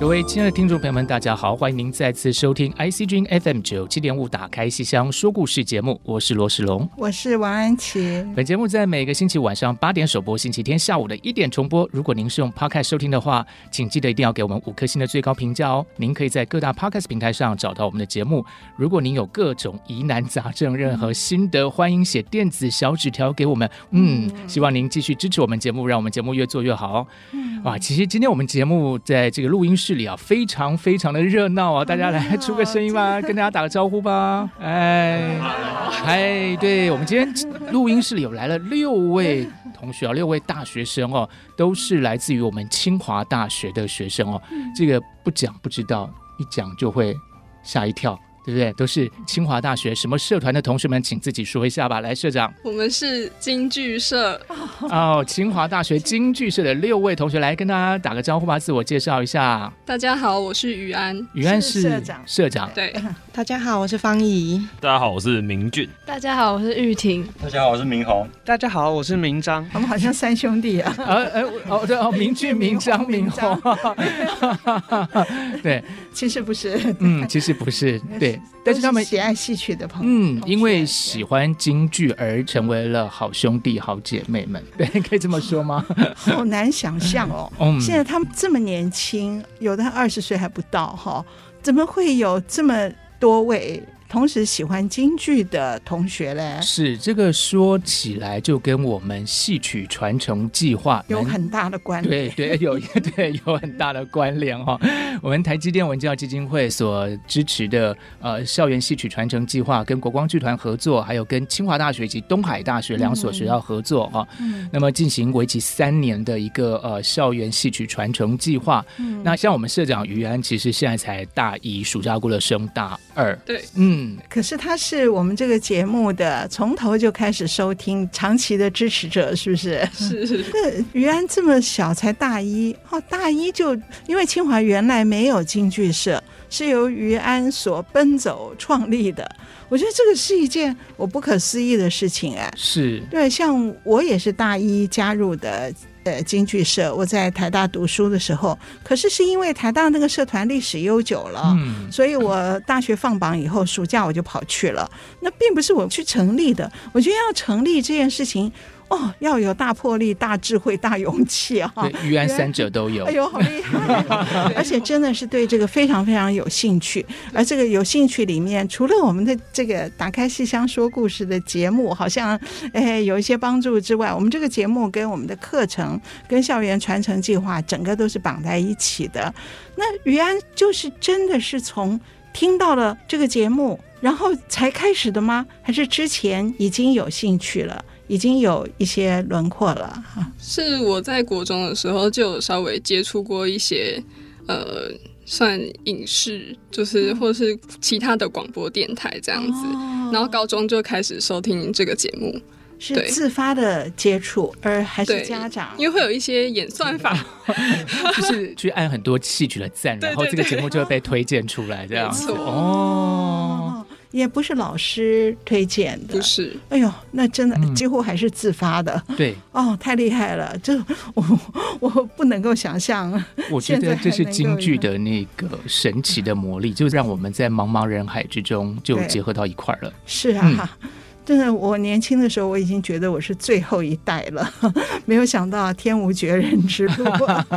各位親愛的聽眾朋友們，大家好，歡迎您再次收聽 ICG FM 九七點五打開戲箱說故事節目，我是羅仕龍，我是王安祈。本節目在每個星期晚上八點首播，星期天下午的一點重播。如果您是用 Podcast 收聽的話，請記得一定要給我們五顆星的最高評價哦。您可以在各大 Podcast 平台上找到我們的節目。如果您有各種疑難雜症，任何心得，歡迎寫電子小紙條給我們。嗯，嗯，希望您繼續支持我們節目，讓我們節目越做越好哦。嗯，哇，其實今天我們節目在這個錄音室。這裡啊，非常非常的熱鬧啊、哦！大家來出個聲音吧， 跟大家打個招呼吧。哎， 哎，對，我們今天錄音室裡有來了六位同學啊， 六位大學生哦，都是來自於我們清華大學的學生哦。這個不講不知道，一講就會嚇一跳。對不對？都是清華大學什麼社團的同學們，請自己說一下吧。來，社長，我們是京劇社哦。清華大學京劇社的六位同學來跟大家打個招呼吧，自我介紹一下。大家好，我是妤安。妤安是社，是社長。社長，對。啊、大家好，我是芳宜。大家好，我是明俊。大家好，我是鈺庭。大家好，我是明竑。大家好，我是明璋。他們好像三兄弟啊。啊哎哦對哦，明俊、明璋、明竑。 對，其實不是。嗯，其實不是。對。 但是他們是喜愛戲曲的朋友，嗯，因為喜歡京劇而成為了好兄弟、好姐妹們，對，可以這麼說嗎？好難想象哦， oh, um. 現在他們這麼年輕，有的二十歲還不到哈，怎麼會有這麼多位？同時喜歡京劇的同學嘞，是這個說起來就跟我們戲曲傳承計劃有很大的關，對對有對有很大的關聯哈、哦。我們台積電文教基金會所支持的呃校園戲曲傳承計劃，跟國光劇團合作，還有跟清華大學及東海大學兩所學校合作哈、哦嗯嗯。那麼進行為期三年的一個呃校園戲曲傳承計劃，嗯。那像我們社長妤安，其實現在才大一，暑假過了升大二，對嗯。可是他是我們這個節目的從頭就開始收聽，長期的支持者，是不是？是，是，是。 那妤安這麼小，才大一，哦，大一就因為清華原來沒有京劇社，是由妤安所奔走創立的。我覺得這個是一件我不可思議的事情，啊，哎，是對。像我也是大一加入的。呃，京劇社，我在台大讀書的時候，可是是因為台大那個社團歷史悠久了，嗯，所以我大學放榜以後，暑假我就跑去了。那並不是我去成立的，我覺得要成立這件事情。哦，要有大魄力、大智慧、大勇氣啊！對，妤安三者都有。哎呦，好厲害啊！ 而且真的是對這個非常非常有興趣。而這個有興趣裡面，除了我們的這個打開戲箱說故事的節目，好像哎有一些幫助之外，我們這個節目跟我們的課程、跟校園傳承計劃，整個都是綁在一起的。那妤安就是真的是從聽到了這個節目，然後才開始的嗎？還是之前已經有興趣了？已經有一些輪廓了哈。是我在國中的時候就有稍微接觸過一些，呃，算影視，就是、嗯、或者是其他的廣播電台這樣子、哦。然後高中就開始收聽這個節目，是自發的接觸，而還是家長？因為會有一些演算法，對對 就是去按很多戲曲的贊，對對對，然後這個節目就會被推薦出來、啊、這樣子哦。哦也不是老師推薦的，不是。哎呦，那真的幾乎還是自發的、嗯。對，哦，太厲害了，這我我不能夠想象。我覺得這、就是京劇的那個神奇的魔力，就讓我們在茫茫人海之中就結合到一塊了。嗯、是啊。嗯.真的，我年輕的時候我已經覺得我是最後一代了，沒有想到天無絕人之路，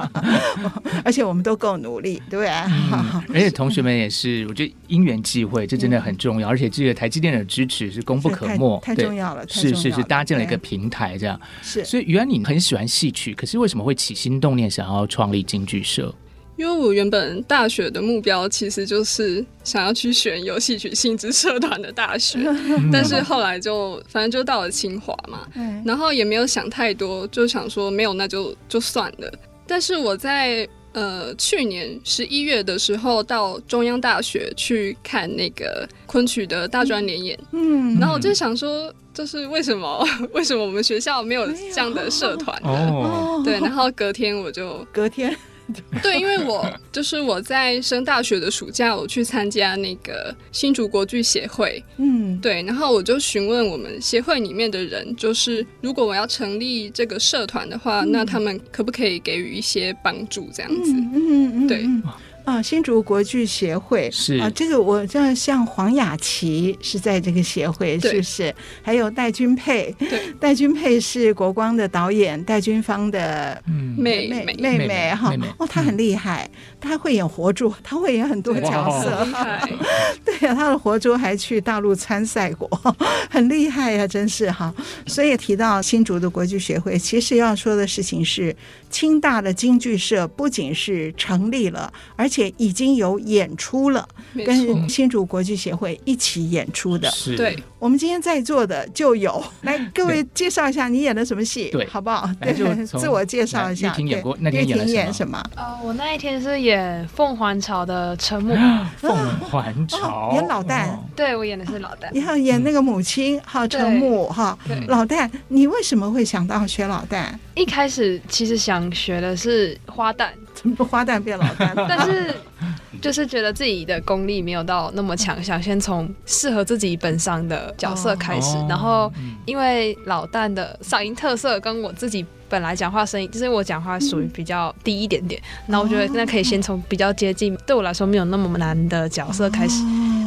而且我們都夠努力，對不對？嗯、 而且同學們也是，我覺得因緣際會，這真的很重要、嗯，而且這個台積電的支持是功不可沒，太，太，太，重要太重要了，是是是，是，搭建了一個平台，這樣、嗯、是。所以妤安你很喜歡戲曲，可是為什麼會起心動念想要創立京劇社？因為我原本大學的目標其實就是想要去選有戲曲性質社團的大學， 但是後來就反正就到了清華嘛、嗯，然後也沒有想太多，就想說沒有那就就算了。但是我在呃去年十一月的時候到中央大學去看那個昆曲的大專聯演，嗯，然後我就想說，就是為什麼？為什麼我們學校沒有這樣的社團呢？哦？對，然後隔天我就隔天。 對，因為我就是我在升大學的暑假，我去參加那個新竹國劇協會，嗯，對，然後我就詢問我們協會裡面的人，就是如果我要成立這個社團的話，嗯，那他們可不可以給予一些幫助，這樣子，嗯嗯，嗯，嗯，對。啊啊、哦，新竹國劇協會是啊、哦，這個我像像，黃雅琪是在這個協會是不是？還有戴君沛，對，戴君沛是國光的導演，戴君芳的妹妹、嗯、妹妹哈妹妹、哦妹妹，哦，她很厲害、嗯，她會演活珠，她會演很多角色，哦、 對呀，她的活珠還去大陸參賽過，很厲害呀、啊，真是哈。所以提到新竹的國劇協會，其實要說的事情是，清大的京劇社不僅是成立了，而且。而且已經有演出了，跟新竹國際協會一起演出的。對、嗯，我們今天在座的就有，來各位介紹一下你演的什麼戲，好不好？對， 自我介紹一下。鈺庭演，演，演什麼？呃，我那一天是演朝《鳳、啊、凰巢》的陳母，鳳凰巢》演老旦、哦。對，我演的是老旦。你、啊、好，演那個母親哈，陳、嗯、母。哈，哈嗯、老旦。你為什麼會想到學老旦？一開始其實想學的是花旦。 花旦變老旦， 但是就是覺得自己的功力沒有到那麼強， 想先從適合自己本嗓的角色開始，哦、然後因為老旦的嗓音特色跟我自己。本來講話聲音就是我講話屬於比較低一點點，那我覺得那可以先從比較接近、哦、對我來說沒有那麼難的角色開始，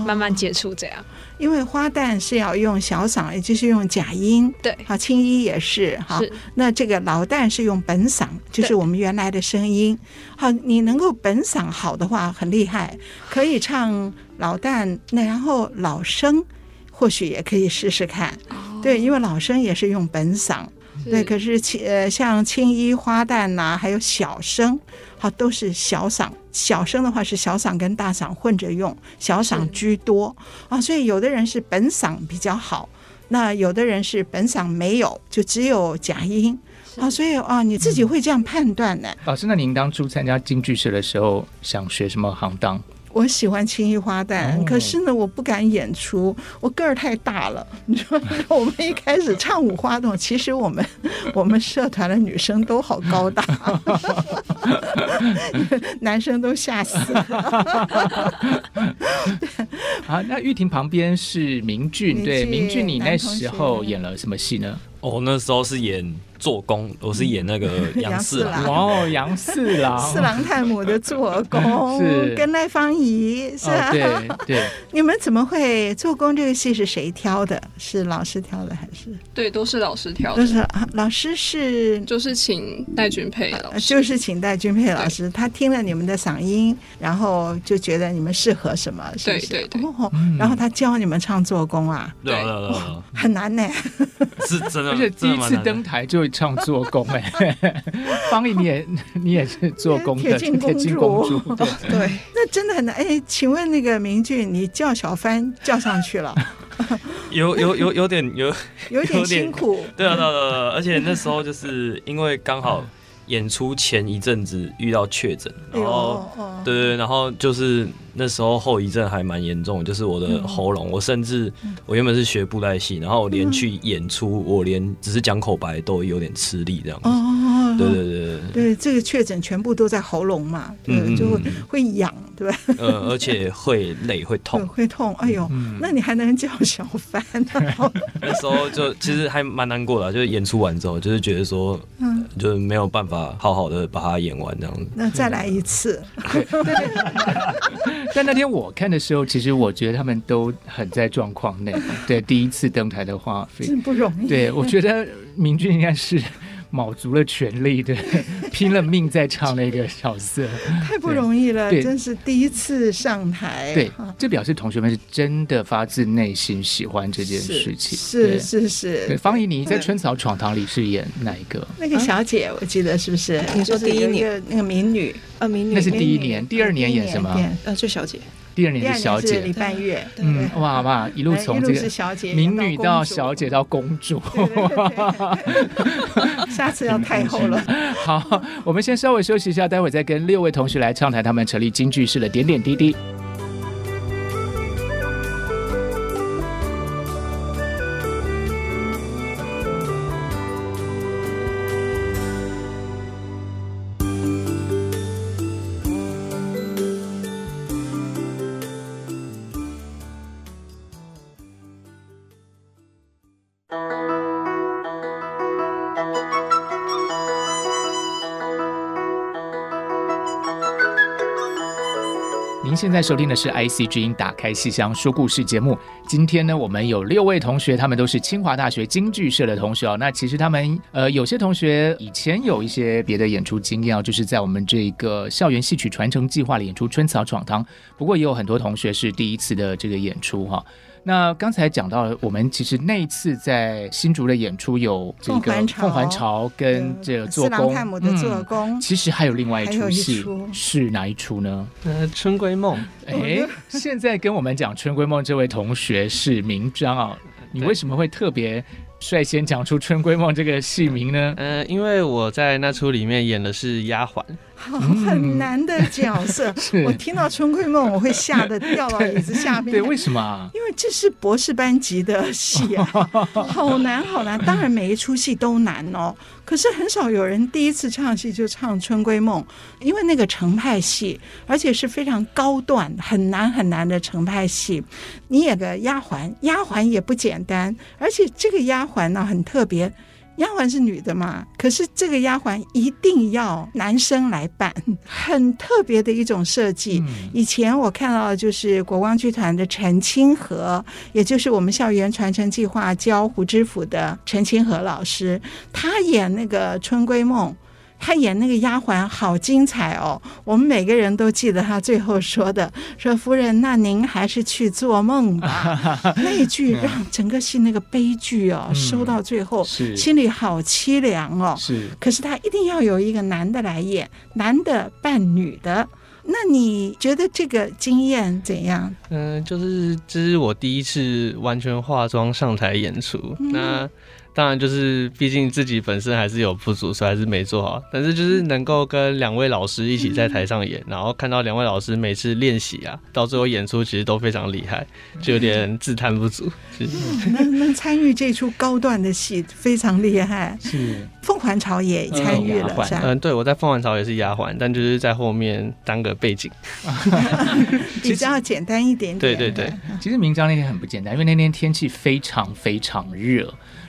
慢慢接觸這樣。因為花旦是要用小嗓，也就是用假音，對，好，青衣也是，好是。那這個老旦是用本嗓，就是我們原來的聲音。好，你能夠本嗓好的話，很厲害，可以唱老旦。那然後老生或許也可以試試看、哦，對，因為老生也是用本嗓。對，可是呃像青衣花旦吶、啊，還有小生，好、啊、都是小嗓。小生的話是小嗓跟大嗓混着用，小嗓居多啊。所以有的人是本嗓比較好，那有的人是本嗓沒有，就只有假音啊。所以啊，你自己會這樣判斷呢、欸？老師，那您當初參加京劇社的時候，想學什麼行當？我喜歡青衣花旦，可是呢，我不敢演出，我個兒太大了。你說我們一開始唱五花筒，其實我們我們社團的女生都好高大， 男生都嚇死了 好、啊，那鈺庭旁邊是明俊，明俊，對，明俊，明俊你那時候演了什麼戲呢？哦，那時候是演。做工，我是演那個楊四、嗯、四郎。哦，楊四郎， 四郎探母的做工， 跟賴芳宜是、啊哦、你們怎麼會做工？這個戲是誰挑的？是老師挑的還是？對，都是老師挑的。就是、啊、老師是就是請戴君佩了，就是請戴君佩老師、啊就是佩老師。他聽了你們的嗓音，然後就覺得你們適合什麼？是不是對對對、哦。然後他教你們唱做工啊？對、哦對、哦、對，很難呢、欸。是真的，而且第一次登台就。就像做工哎，芳宜你也你也是做工的，鐵 鏡公主，對，公主對，對，那真的很難哎、欸。請問那個明俊，你叫小番叫上去了？ 有有有有點有有點， 有點辛苦，對啊對啊對啊，對啊對啊對啊對啊 而且那時候就是因為剛好。 演出前一陣子遇到確診，然後對，對對，然後就是那時候後遺症還蠻嚴重的，就是我的喉嚨、嗯，我甚至、嗯、我原本是學布袋戲，然後我連去演出，嗯、我連只是講口白都有點吃力這樣子，哦、對，對對對。對這個確診全部都在喉嚨嘛，對，嗯、就會、嗯、會癢，對吧。呃，而且會累，會痛，會痛。哎呦、嗯，那你還能叫小凡、啊？ 那時候就其實還蠻難過的、啊，就是演出完之後，就是覺得說，嗯呃、就是沒有辦法好好的把它演完這樣子。那再來一次。嗯、對 但那天我看的時候，其實我覺得他們都很在狀況內。對，第一次登台的話，非常不容易。對我覺得明俊應該是。卯足了全力，的拼了命在唱那個角色，太不容易了，真是第一次上台。對，對，這表示同學們是真的發自內心喜歡這件事情。 是，啊、是， 是，是是是。芳宜你在《春草闖堂》裡飾演哪一個、嗯？那個小姐，我記得是不是、啊？你說，第一，你說第一年那個民女民、啊、女，女那是第一年，第二年演什麼？呃，就小姐。第二年是小姐，半月。嗯，哇，哇，一路從這個民女到小姐到公主，下次要太后了、嗯。好，我們先稍微休息一下，待會再跟六位同學來暢談他們成立京劇社的點點滴滴。您現在收聽的是《IC 之音》，打開戲箱說故事節目。今天呢，我們有六位同學，他們都是清華大學京劇社的同學哦，那其實他們，呃，有些同學以前有一些別的演出經驗啊，就是在我們這個校園戲曲傳承計劃裡演出《春草闖堂》。不過也有很多同學是第一次的這個演出哈哦。那剛才講到，我們其實那一次在新竹的演出有這個《鳳還巢》，跟這個做工做工，其實還有另外一出戲是哪一出呢？呃，《春閨夢》。哎，現在跟我們講《春閨夢》這位同學是明璋啊，你為什麼會特別率先講出《春閨夢》這個戲名呢？呃，因為我在那出裡面演的是丫鬟。好，很難的角色，嗯、我聽到《春閨夢》，我會嚇得掉到椅子下面。對，對，為什麼？因為這是博士班級的戲啊，好難好難。當然每一出戲都難哦， 可是很少有人第一次唱戲就唱《春閨夢》，因為那個程派戲，而且是非常高段，很難很難的程派戲。你演個丫環，丫環也不簡單，而且這個丫環呢、啊，很特別。丫鬟是女的嘛？可是這個丫鬟一定要男生來扮，很特別的一種設計。嗯。以前我看到的就是國光劇團的陳清和，也就是我們校園傳承計劃教《胡知府》的陳清和老師，他演那個《春閨夢》。他演那個丫鬟好精彩哦，我們每個人都記得他最後說的：“說夫人，那您還是去做夢吧。 ”那句讓整個戲那個悲劇哦、嗯，收到最後是心裡好淒涼哦。是，可是他一定要有一個男的來演，男的扮女的。那你覺得這個經驗怎樣？嗯，就是這是我第一次完全化妝上台演出。嗯、那當然，就是畢竟自己本身還是有不足，所以還是沒做好。但是，就是能夠跟兩位老師一起在台上演，嗯、然後看到兩位老師每次練習啊，到最後演出其實都非常厲害，就有點自嘆不足。能能參與這出高段的戲，非常厲害。是《鳳還巢》也參與了，嗯是嗯、啊呃，對，我在《鳳還巢》也是丫鬟，但就是在後面當個背景， 比較簡單一點點。 對，對對對，其實明璋那天很不簡單，因為那天天氣非常非常熱。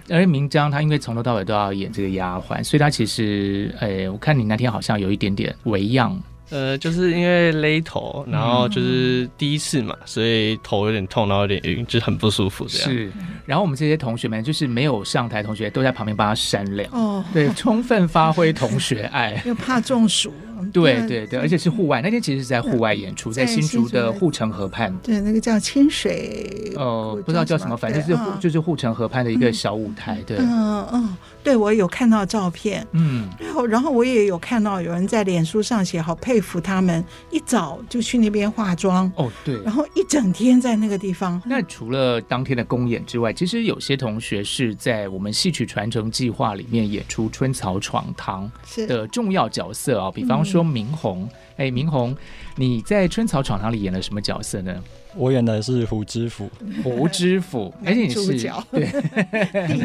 而明璋他因為從頭到尾都要演這個丫鬟，所以他其實，哎、欸，我看你那天好像有一點點微恙？呃，就是因為勒頭，然後就是第一次嘛，所以頭有點痛，然後有點暈，就很不舒服這樣。是，然後我們這些同學們就是沒有上台，同學都在旁邊幫他扇涼。哦，對，充分發揮同學愛。又怕中暑。 對對對，而且是戶外，那天其實是在戶外演出，在新竹的護城河畔。對，那個叫清水。哦、呃，不知道叫什麼，反正是就是護、就是、護城河畔的一個小舞台。對，嗯、哦、嗯，呃哦、對我有看到照片。嗯，然後然後我也有看到有人在臉書上寫，好配。 他們一早就去那邊化妝哦，oh, 對，然後一整天在那個地方。那除了當天的公演之外，其實有些同學是在我們戲曲傳承計劃裡面演出《春草闖堂》的重要角色啊，哦，比方說明竑。嗯。哎，明竑，你在《春草闖堂》裡演了什麼角色呢？我演的是胡知府。胡知府，而且你是對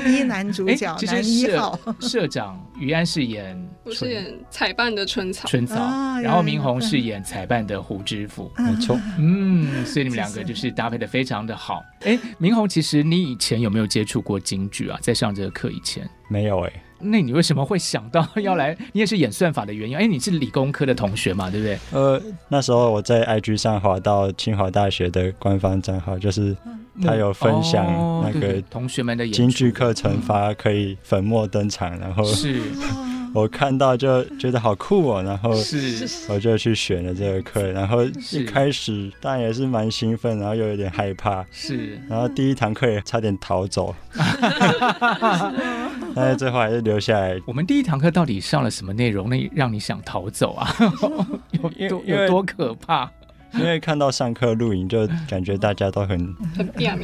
第一男主角，男一號。社長妤安是演，我是演彩扮的春草。春,春草，oh, yeah, 然後明竑是演彩扮的胡知府。沒錯， 嗯，所以你們兩個就是搭配的非常的好。哎， 明竑，其實你以前有沒有接觸過京劇啊？在上這個課以前，沒有哎、欸。那你為什麼會想到要來？你也是演算法的原因？哎、欸，你是理工科的同學嘛，對不對？呃，那時候我在 IG 上滑到清華大學的官方賬號就是他有分享那個、嗯哦、對對對，同學們的京劇課程，發可以粉墨登場，然後是。 我看到就覺得好酷哦，然後是我就去選了這個課，然後一開始當然也是蠻興奮，然後又有點害怕，是，然後第一堂課也差點逃走，哈哈哈哈哈，但是最後還是留下來。我們第一堂課到底上了什麼內容？那讓你想逃走啊？ 有多有多可怕？ 因為看到上課錄影，就感覺大家都很很變，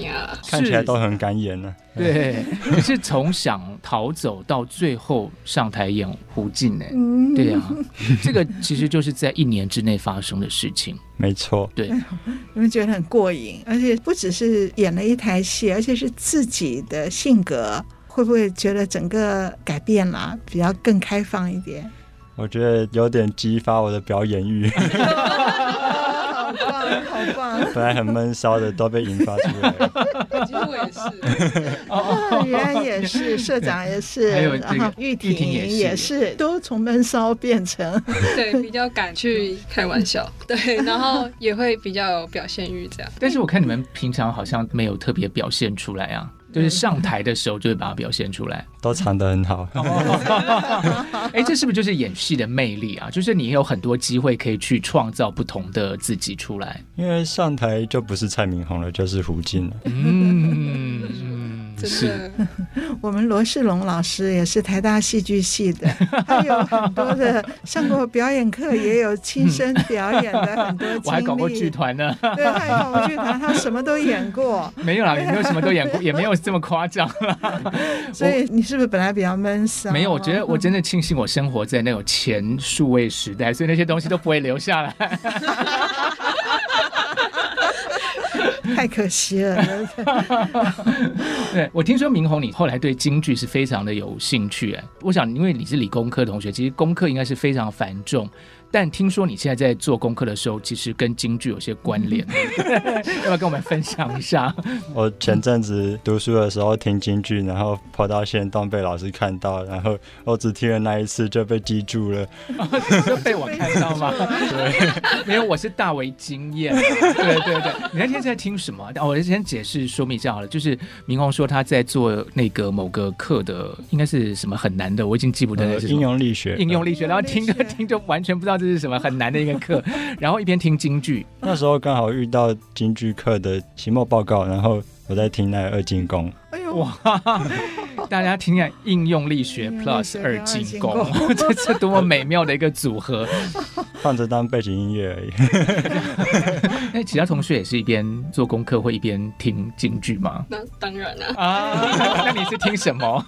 看起來都很敢演了啊。對，你 是從想逃走到最後上台演胡靜呢？對呀、啊， 這個其實就是在一年之內發生的事情。沒錯，對，你們覺得很過癮，而且不只是演了一台戲，而且是自己的性格，會不會覺得整個改變了、啊，比較更開放一點？ 我覺得有點激發我的表演欲。 好棒！本來很悶騷的都被引發出來了。其實我也是，啊、 哦，哦、 原來也是，社長也是，鈺庭、這個、也，也，也是，都從悶騷變成，對，比較敢去開玩笑， 對，然後也會比較有表現欲這樣。但是我看你們平常好像沒有特別表現出來啊。就是上台的時候，就會把它表現出來，都藏得很好。哎、 欸，這是不是就是演戲的魅力啊？就是你有很多機會可以去創造不同的自己出來。因為上台就不是蔡明竑了，就是胡靜了。 嗯。是， 我們羅仕龍老師也是台大戲劇系的，他有很多的 上過表演課，也有親身表演的很多經歷 我還搞過劇團呢， 對，還搞過劇團，他什麼都演過。 沒有啦，也沒有什麼都演過， 也沒有這麼誇張。所以你是不是本來比較悶騷啊？沒有，我覺得我真的慶幸我生活在那種前數位時代， 所以那些東西都不會留下來。 太可惜了。 對，對，我聽說明竑，你後來對京劇是非常的有興趣哎，我想，因為你是理工科的同學，其實功課應該是非常繁重。但聽說你現在在做功課的時候，其實跟京劇有些關聯， 要不要跟我們分享一下？我前陣子讀書的時候聽京劇，然後跑到現東被老師看到，然後我只聽了那一次就被記住了，就、 哦、被我看到嗎？ 對，因為我是大為驚艷。 對，對對對，你那天是在聽什麼？那我先解釋說明一下好了，就是明竑說他在做那個某個課的，應該是什麼很難的，我已經記不得了、呃。應用力學，應用力學，嗯、然後聽歌聽就完全不知道。這是什麼很難的一個課，然後一邊聽京劇。那時候剛好遇到京劇課的期末報告，然後我在聽那二進宮。哎呦哇，大家聽聽應用力學 plus 二進宮，這是多麼美妙的一個組合！放着當背景音樂而已。 那其他同學也是一邊做功課，會一邊聽京劇嗎？那當然了啊，啊那！那你是聽什麼？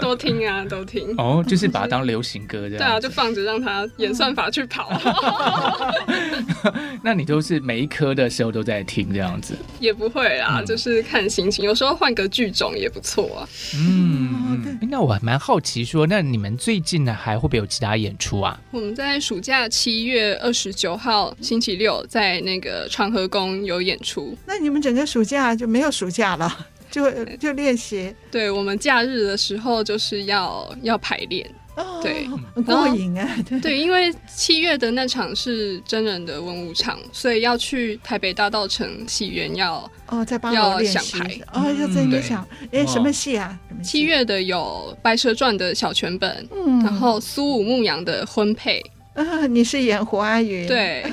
都 聽啊，都聽。哦，就是把它當流行歌這樣。 對啊，就放着讓他演算法去跑。 那你都是每一科的時候都在聽這樣子？也不會啦，嗯、就是看心情，有時候換個劇種也不錯啊。嗯，那我還蠻好奇說，說那你們最近呢還會不會有其他演出啊？我們在暑假七月二十九號星期六在那個。呃，傳河宮有演出，那你們整個暑假就沒有暑假了，就就練習。對我們假日的時候就是要要排練，哦，對，然後過癮啊，對。對，因為七月的那場是真人的文武場， 所以要去台北大稻埕戲苑要哦，在要想排，嗯、哦，要真的想，哎，欸，什麼戲啊什麼戲？七月的有《白蛇傳》的小全本，嗯、然後《蘇武牧羊》的婚配。呃、你是演胡阿雲？對，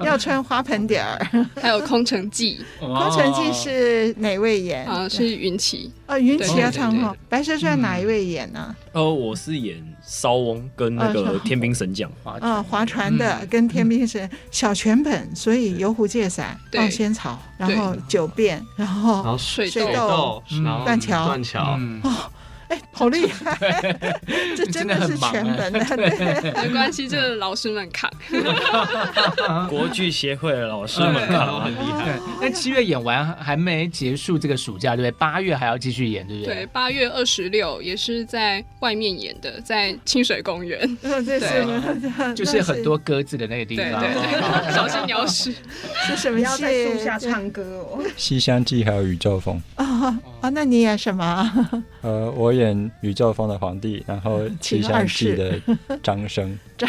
要穿花盆底兒。 還有空城計《空城計》，《空城計》是哪位演、呃、啊？是雲奇啊，雲奇啊，唱得好。白蛇傳哪一位演啊？哦、嗯呃，我是演艄翁跟那個天兵神將划啊划船的，跟天兵神、嗯嗯、小全本，所以遊湖借傘、放仙草，然後酒變，然後水鬥、嗯，斷橋。斷橋嗯斷橋嗯哦哎、欸，好厲害！ 這真的是全本、啊、的， 沒關係， 這是老師們看。 國劇協會的老師們都 很厲害。那七月演完還沒結束，這個暑假對不對？八月還要繼續演，對不對？對，八月二十六也是在外面演的，在清水公園。嗯，對，對，就是很多鴿子的那個地方。對對對對對對，小心鳥屎！是什麼要在樹下唱歌哦？謝謝，《西廂記》還有《宇宙鋒》啊！那你演什麼？呃，我演《宇宙鋒》的皇帝，然後《西廂記》的張生。張，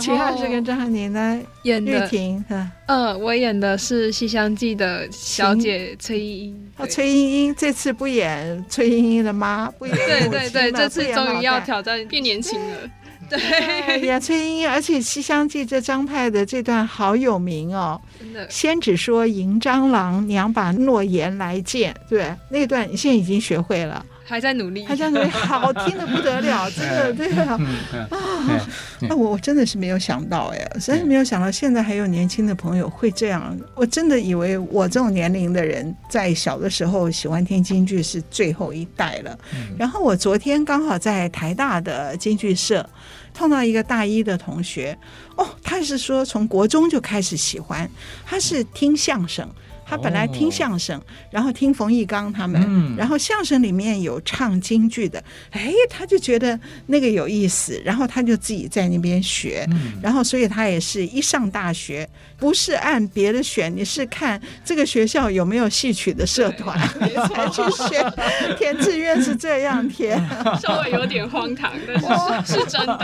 秦二世跟張翰年呢演的鈺庭、嗯。嗯，我演的是《西廂記》的小姐崔鶯鶯。崔鶯鶯、啊、這次不演崔鶯鶯的媽不演，對對對， 這次終於要挑戰變年輕了。 對、哎呀，崔鶯鶯，而且《西廂記》這張派的這段好有名哦。真的，先只說迎張郎，娘把諾言來見，對，那段你現在已經學會了。還在努力， 還在努力，好聽的不得了，真 的、這個， 對啊， 啊，那我我真的是沒有想到，哎，實在是沒有想到，現在還有年輕的朋友會這樣，我真的以為我這種年齡的人，在小的時候喜歡聽京劇是最後一代了。然後我昨天剛好在台大的京劇社碰到一個大一的同學，哦，他是說從國中就開始喜歡，他是聽相聲。他本來聽相聲，哦、然後聽馮翊綱他們、嗯，然後相聲裡面有唱京劇的，哎，他就覺得那個有意思，然後他就自己在那邊學，嗯、然後所以他也是一上大學不是按別的選，你是看這個學校有沒有戲曲的社團你才去學，哦，填志願是這樣填，稍微有點荒唐，但是，哦、是真的、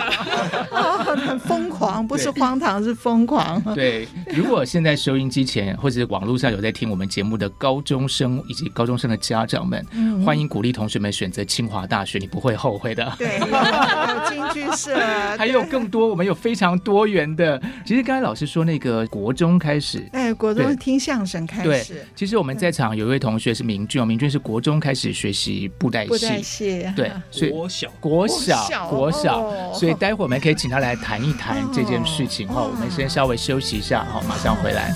哦很，很瘋狂，不是荒唐是瘋狂對。對，如果現在收音機前或者是網絡上有在。聽我們節目的高中生以及高中生的家長們、嗯，歡迎鼓勵同學們選擇清華大學，你不會後悔的。對， 京劇社還有更多，我們有非常多元的。其實剛才老師說那個國中開始，哎，國中聽相聲開始對。對，其實我們在場有一位同學是明俊，明俊是國中開始學習布袋戲、啊。對，所以國小、國小、國小，國小、哦，所以待會我們可以請他來談一談這件事情。好、哦哦，我們先稍微休息一下，好，馬上回來。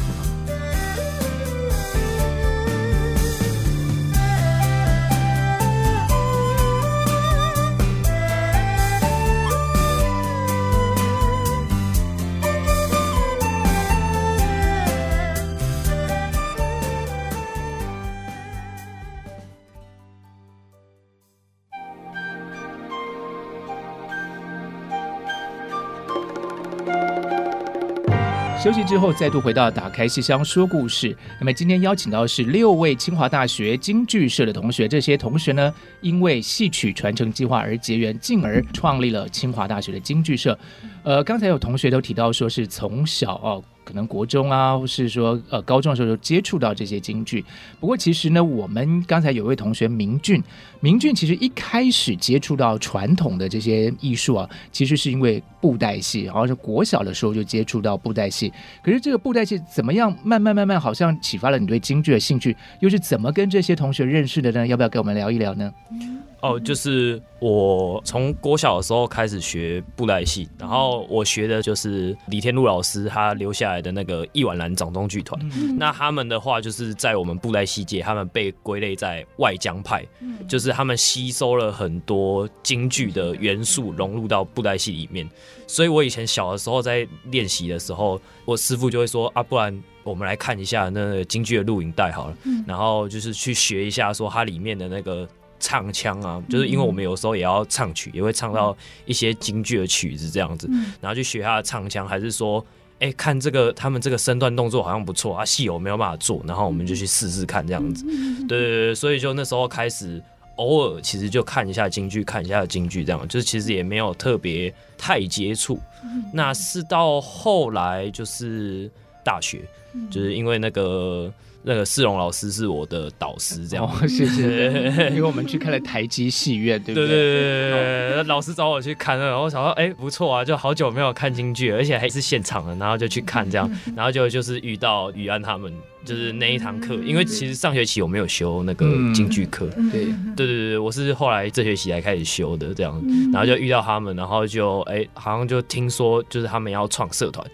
休息之後，再度回到打開戲箱說故事。那麼今天邀請到的是六位清華大學京劇社的同學。這些同學呢，因為戲曲傳承計劃而結緣，進而創立了清華大學的京劇社。呃，剛才有同學都提到，說是從小哦。可能國中啊，或是說呃高中的時候就接觸到這些京劇。不過其實呢，我們剛才有位同學明俊，明俊其實一開始接觸到傳統的這些藝術啊，其實是因為布袋戲，好像是國小的時候就接觸到布袋戲。可是這個布袋戲怎麼樣，慢慢慢慢好像啟發了你對京劇的興趣，又是怎麼跟這些同學認識的呢？要不要跟我們聊一聊呢？嗯哦、oh,，就是我從國小的時候開始學布袋戲、嗯，然後我學的就是李天祿老師他留下來的那個亦宛然掌中劇團、嗯。那他們的話就是在我們布袋戲界，他們被歸類在外江派、嗯，就是他們吸收了很多京劇的元素融入到布袋戲裡面。所以我以前小的時候在練習的時候，我師傅就會說啊，不然我們來看一下那個京劇的錄影帶好了，然後就是去學一下，說它裡面的那個。唱腔啊，就是因為我們有時候也要唱曲，嗯、也會唱到一些京劇的曲子這樣子，然後去學他的唱腔，還是說，哎、欸，看這個他們這個身段動作好像不錯啊，戲有沒有辦法做，然後我們就去試試看這樣子、嗯。對對對，所以就那時候開始偶爾其實就看一下京劇，看一下京劇這樣，就是其實也沒有特別太接觸。那是到後來就是大學，就是因為那個。那個仕龍老師是我的導師，這樣謝謝。 對對對對 因為我們去看了台積戲院，對不對？對對對對對。 老師找我去看，然後想到哎、欸、不錯啊，就好久沒有看京劇，而且還是現場的，然後就去看這樣， 然後就就是遇到妤安他們。就是那一堂課，因為其實上學期我沒有修那個京劇課，對對對，我是後來這學期才開始修的，這樣，然後就遇到他們，然後就哎、欸,好像就聽說就是他們要創社團，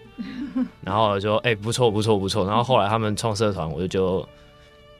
然後就哎、欸，不錯不錯不錯，然後後來他們創社團，我就就。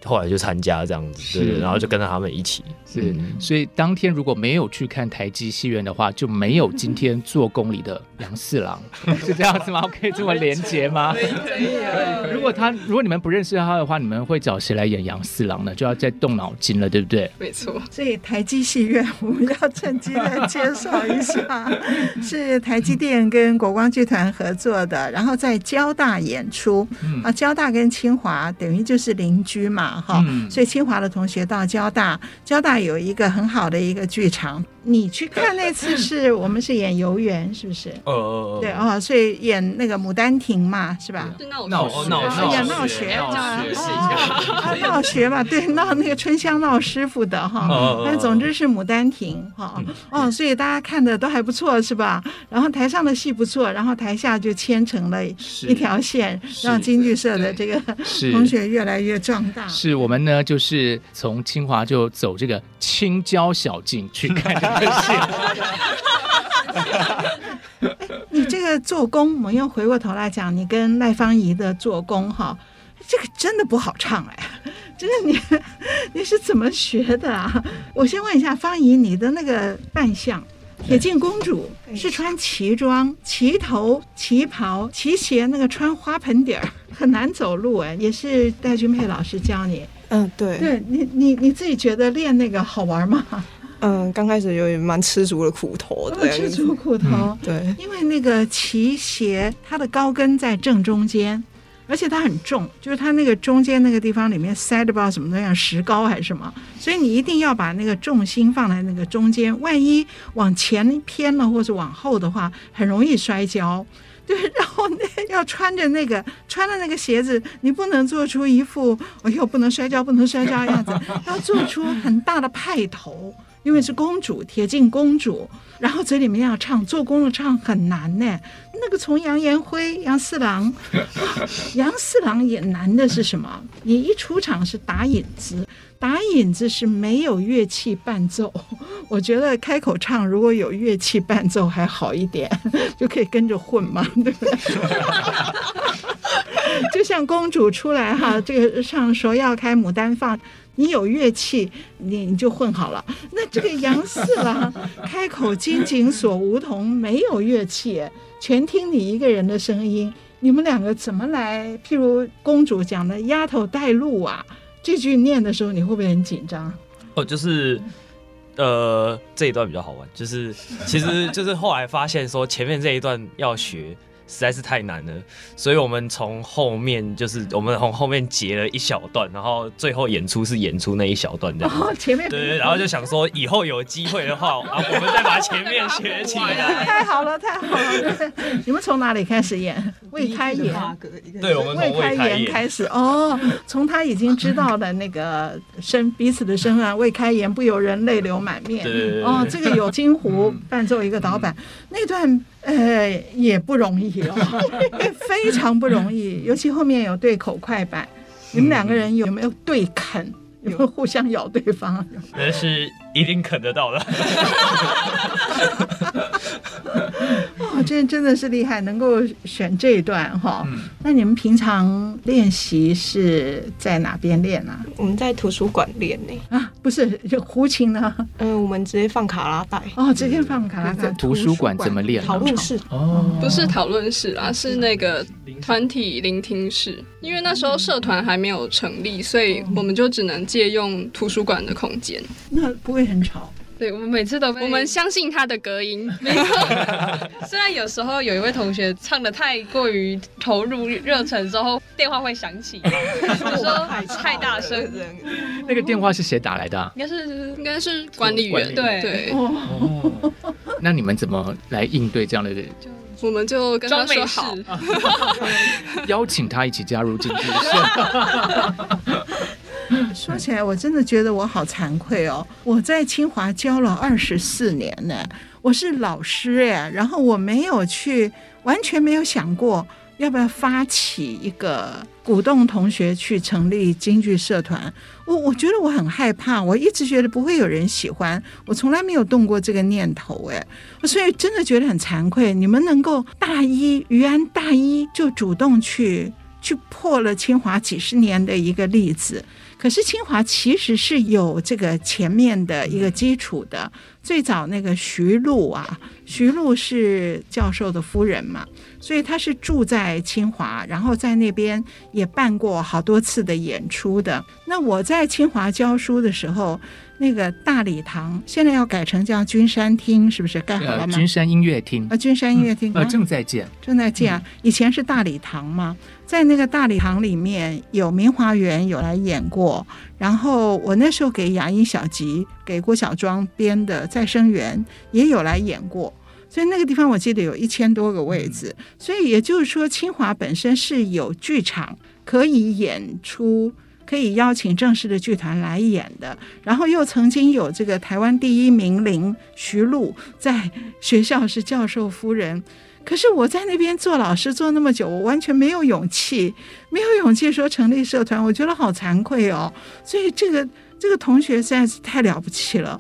後來就參加這樣子，對，對是，然後就跟着他們一起。是，是、嗯，所以當天如果沒有去看台積戲院的話，就沒有今天坐宮裡的楊四郎， 是這樣子嗎？可以這麼連接嗎？ 可以。如果他，如果你們不認識他的話，你們會找誰來演楊四郎呢？就要再動腦筋了，對不對？沒錯。所以台積戲院我們要趁機來介紹一下， 是台積電跟國光劇團合作的，然後在交大演出。嗯、啊，交大跟清華等於就是鄰居嘛。哈、嗯，所以清華的同學到交大，交大有一個很好的一個劇場。你去看那次是 我們是演遊園是不是？哦、oh, oh, oh, oh。對哦，所以演那個《牡丹亭》嘛，是吧？Yeah, no, no, oh, no, 哦、no, no, 演鬧學、欸 no, 鬧學啊，鬧學，鬧、啊、學，鬧學嘛、嗯，對，鬧那個春香鬧師傅的哈。哦哦、oh, oh, oh, oh, oh, 但總之是《牡丹亭》哈、哦嗯，哦，所以大家看得都還不錯是吧？然後台上的戲不錯，然後台下就牽成了一條線，讓京劇社的這個同學越來越壯大是。是我們呢，就是從清華就走這個青椒小徑去看。哈哈哈哈哈！哈你這個做工，我們又回過頭來講，你跟賴芳宜的做工哈，這個真的不好唱哎，真的你你是怎麼學的啊？我先問一下芳宜，你的那個扮相，鐵鏡公主是穿旗裝、旗頭、旗袍、旗鞋，那個穿花盆底兒很難走路哎，也是戴君佩老師教你，嗯對，對你你你自己覺得練那個好玩嗎？嗯，剛開始有點蠻吃足了苦頭的、啊哦，吃足苦頭、嗯，對，因為那個旗鞋，它的高跟在正中間，而且它很重，就是它那個中間那個地方裡面塞的不知道什麼東西，石膏還是什麼，所以你一定要把那個重心放在那個中間，萬一往前偏了或是往後的話，很容易摔跤，對。然後要穿着那個穿着那個鞋子，你不能做出一副我又、哎、不能摔跤不能摔跤的樣子， 要做出很大的派頭。因為是公主貼近公主，然後嘴裡面要唱，做功的唱很難呢、欸。那個從楊延輝、楊四郎、啊、楊四郎也難的是什麼？你一出場是打引子，打引子是沒有樂器伴奏。我覺得開口唱如果有樂器伴奏還好一點，就可以跟着混嘛，對不對？ 就像公主出來哈，這個唱芍藥開牡丹放。你有樂器，你你就混好了。那這個楊四郎開口金井鎖梧桐， 沒有樂器，全聽你一個人的聲音。你們兩個怎麼來？譬如公主講的“丫頭帶路”啊，這句念的時候，你會不會很緊張？哦，就是，呃，這一段比較好玩，就是，其實就是後來發現說前面這一段要學。實在是太難了，所以我們從後面就是我們從後面截了一小段，然後最後演出是演出那一小段這樣。哦，前面對，對，對，然後就想說以後有機會的話， 我們再把前面學起來。 太好了，太好了！ 你們從哪裡開始演？ 未開言。對，我們從未開言開始。哦，從他已經知道的那個身 彼此的身份、啊，未開言不由人，淚流滿面。對，對，對，對哦，這個有京胡伴奏一個導板。嗯嗯。那段呃，也不容易哦， 非常不容易，尤其後面有對口快板，嗯、你們兩個人有沒有對啃？有沒有互相咬對方？那是一定啃得到的。 天、哦、真、真的是厲害，能夠選這一段哈、嗯。那你們平常練習是在哪邊練呢？我們在圖書館練呢。啊，不是就胡琴呢、啊？嗯，我們直接放卡拉帶。哦，直接放卡拉帶。圖書館怎麼練、啊？討論室哦，不是討論室啊，是那個團體聆聽室。因為那時候社團還沒有成立、嗯，所以我們就只能借用圖書館的空間。那不會很吵？對，我們每次都，我們相信他的隔音，沒錯。 雖然有時候有一位同學唱得太過於投入熱忱之後， 電話會響起，他 說太吵了，太大聲。那個電話是誰打來的啊？應該是應該是管理員。理員對對、哦。那你們怎麼來應對這樣的？人我們就跟他說美好， 邀請他一起加入進去。 說起來，我真的覺得我好慚愧哦！我在清華教了二十四年呢，哎，我是老師哎，然後我沒有去，完全沒有想過要不要發起一個鼓動同學去成立京劇社團。我我覺得我很害怕，我一直覺得不會有人喜歡，我從來沒有動過這個念頭哎，所以真的覺得很慚愧。你們能夠大一，妤安大一就主動去去破了清華幾十年的一個例子。可是清華其實是有這個前面的一個基礎的，最早那個徐露啊，徐露是教授的夫人嘛，所以他是住在清華，然後在那邊也辦過好多次的演出的。那我在清華教書的時候。那個大禮堂現在要改成叫君山廳，是不是蓋好了嗎、呃？君山音樂廳啊，君山音樂廳啊、呃，正在建，正在建、啊嗯。以前是大禮堂嘛，在那個大禮堂裡面有明華園有來演過，然後我那時候給雅音小集、給郭小莊編的《再生緣》也有來演過，所以那個地方我記得有一千多個位置，嗯、所以也就是說清華本身是有劇場可以演出，可以邀請正式的劇團來演的，然後又曾經有這個台灣第一名伶徐露在學校是教授夫人，可是我在那邊做老師做那麼久，我完全沒有勇氣，沒有勇氣說成立社團，我覺得好慚愧哦。所以這個這個同學實在是太了不起了。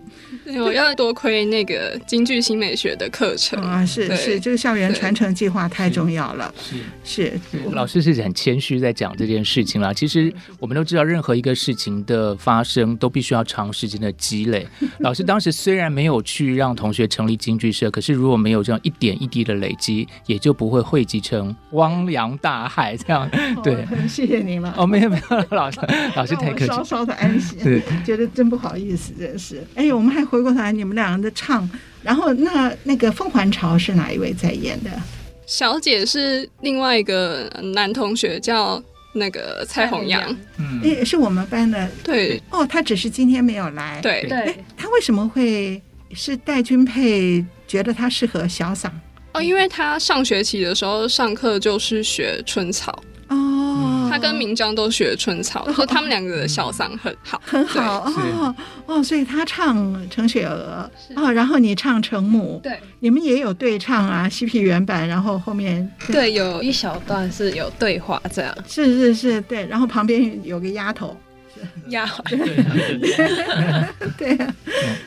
我要多虧那個京劇新美學的課程、嗯、啊，是是，這個校園傳承計劃太重要了。是是，是，是、嗯，老師是很謙虛在講這件事情啦。其實我們都知道，任何一個事情的發生都必須要長時間的積累。老師當時雖然沒有去讓同學成立京劇社， 可是如果沒有這樣一點一滴的累積，也就不會匯集成汪洋大海這樣。對，很謝謝您了。哦，沒有沒有，老師 老師太客氣。我稍稍的安心，對，覺得真不好意思，真是。哎，我們還回。如果來你們兩個人的唱，然後那那個鳳凰巢是哪一位在演的？小姐是另外一個男同學，叫那個蔡洪陽，嗯，也、欸、是我們班的。對，哦，他只是今天沒有來。對對、欸，他為什麼會是戴君佩覺得他適合小嗓？哦，因為他上學期的時候上課就是學春草。嗯、他跟明璋都學《春草》哦，然後他們兩個的小嗓很好，嗯、很好哦哦，所以他唱成《程雪娥》哦，然後你唱《程母》，對，你們也有對唱啊，《西皮原板》，然後後面對，對，有一小段是有對話，這樣是是是，對，然後旁邊有個丫頭。呀 哈、yeah, 啊，對、啊對，啊對啊，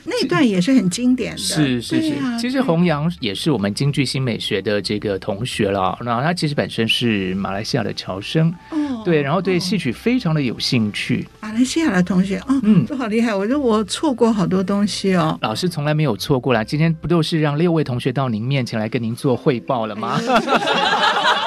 那一段也是很經典的，是是是，是、啊。其實弘洋也是我們京劇新美學的這個同學了，那他其實本身是馬來西亞的僑生，哦，對，然後對戲曲非常的有興趣。哦、馬來西亞的同學，嗯、哦，都好厲害，我覺得我錯過好多東西哦。老師從來沒有錯過啦，今天不都是讓六位同學到您面前來跟您做匯報了嗎？哎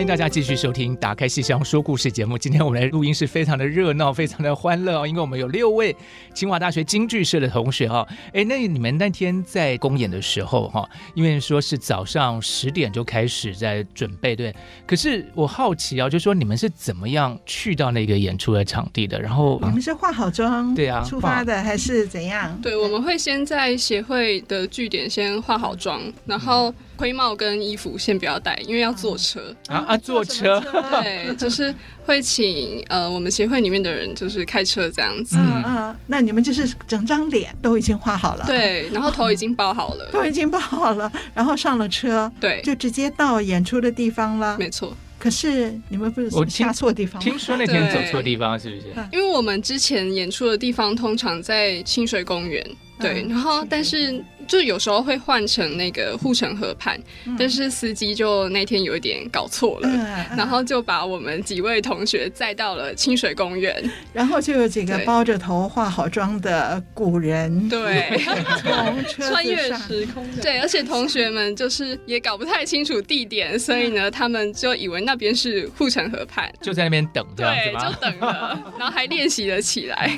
歡迎大家繼續收聽《打開戲箱說故事》節目。今天我們來錄音是非常的熱鬧，非常的歡樂哦。因為我們有六位清華大學京劇社的同學哈。哎，那你們那天在公演的時候哈，因為說是早上十點就開始在準備，對。可是我好奇哦、啊，就說你們是怎麼樣去到那個演出的場地的？然後你們是化好妝對啊出發的，還是怎樣、啊？對，我們會先在協會的據點先化好妝，嗯、然後。盔帽跟衣服先不要戴，因為要坐車啊啊！坐車對， 就是會請呃我們協會裡面的人就是開車這樣子。嗯嗯、啊啊，那你們就是整張臉都已經畫好了，對，然後頭已經包好了，頭、啊、已經包好、啊、好了，然後上了車，對，就直接到演出的地方了。沒錯，可是你們不是下錯地方聽？聽說那天走錯地方是不是、啊？因為我們之前演出的地方通常在清水公園、啊，對，然後但是。嗯就有時候會換成那個護城河畔，嗯、但是司機就那天有一點搞錯了、嗯，然後就把我們幾位同學載到了清水公園，然後就有幾個包着頭、化好妝的古人，對，對穿越時空，空。對，而且同學們就是也搞不太清楚地點，嗯、所以呢，他們就以為那邊是護城河畔，就在那邊等這樣子嗎？對，就等了， 然後還練習了起來。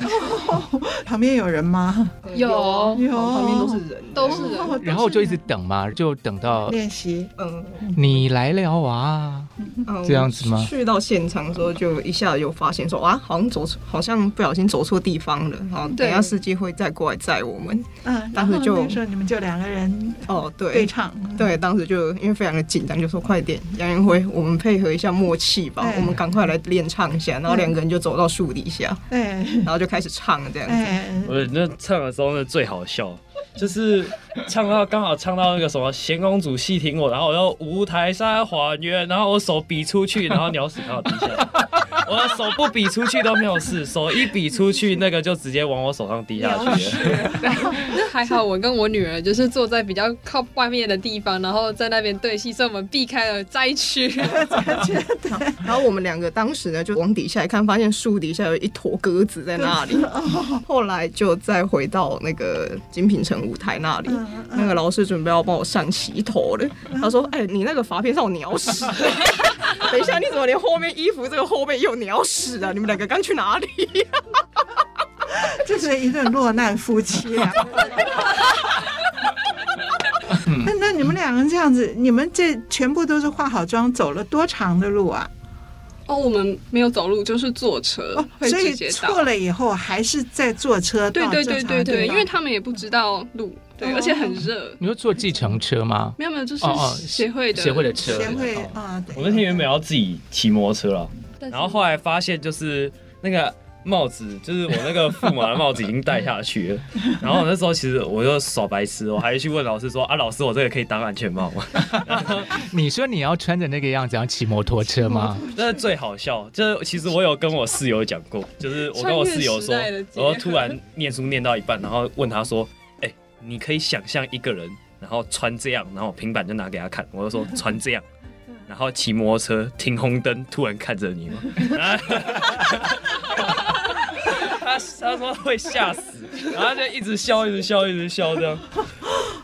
哦、旁邊有人嗎？有，有，旁邊都是人。哦、然後就一直等嘛，就等到練習，嗯，你來了哇、啊嗯，這樣子嗎？嗯、去到現場的時候，就一下子就發現說啊，好像走錯好像不小心走錯地方了，好等下司機會再過來載我們。嗯，當時就、嗯、沒說你們就兩個人，哦，對，對，唱、嗯，對，當時就因為非常的緊張，就說快點，楊元輝，我們配合一下默契吧、嗯，我們趕快來練唱一下，然後兩個人就走到樹底下，嗯、然後就開始唱這樣子。我、嗯、那、嗯嗯嗯、唱的時候那最好笑。就是唱到剛好唱到那個什麼，賢公主細聽我，然後我又五台山還原，然後我手比出去，然後鳥屎掉地下。我的手不比出去都沒有事，手一比出去，那個就直接往我手上滴下去。然後那 還好，我跟我女兒就是坐在比較靠外面的地方，然後在那邊對戲，所以我們避開了災區。 然後我們兩個當時呢就往底下一看，發現樹底下有一坨鴿子在那裡。 後來就再回到那個精品城舞台那裡，那個老師準備要幫我上旗頭的，他說：“哎、欸，你那個髮片上有鳥屎。 等一下，你怎麼連後面衣服這個後面有？”聊死了，你們兩個剛去哪裡？啊？就 是一對落難夫妻啊、。 嗯嗯。啊。那那你們兩個這樣子，你們這全部都是化好妝，走了多長的路啊？哦，我們沒有走路，就是坐車。哦，所以錯了以後還是在坐車。對對對對對，因為他們也不知道路。嗯、對，而且很熱。哦，你會坐計程車嗎？沒、哦、有沒有，就是協會的、哦、協會的車。協會啊、哦，我那天原本要自己騎摩托車。然後後來發現就是那個帽子，就是我那個駙馬的帽子已經戴下去了。 然後那時候其實我就耍白痴，我還去問老師說啊，老師我這個可以當安全帽嗎？ 你說你要穿着那個樣子要騎摩托車嗎？這是最好笑。就是其實我有跟我室友講過，就是我跟我室友說，我說突然念書念到一半，然後問他說，哎、欸，你可以想象一個人，然後穿這樣，然後平板就拿給他看，我就說穿這樣。然後騎摩托車停紅燈，突然看着你嘛。 他他說會嚇死，然後就一直笑，一直笑，一直笑這樣。啊、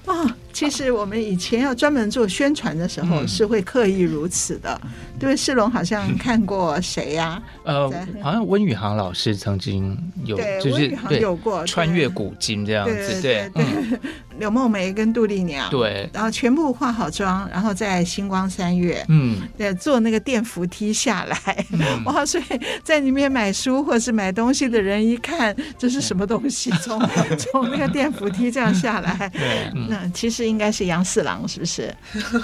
哦，其實我們以前要專門做宣傳的時候，是會刻意如此的，嗯、對，仕龍好像看過誰呀、啊？呃，好像溫宇航老師曾經有，就是有過穿越古今這樣子，對對，對。對對嗯柳夢梅跟杜麗娘，對，然後全部化好妝，然後在星光三月，嗯，對，坐那個電扶梯下來、嗯，哇，所以在裡面買書或者是買東西的人一看，這是什麼東西，嗯、從 從那個電扶梯這樣下來，對、啊，那其實應該是楊四郎，是不是？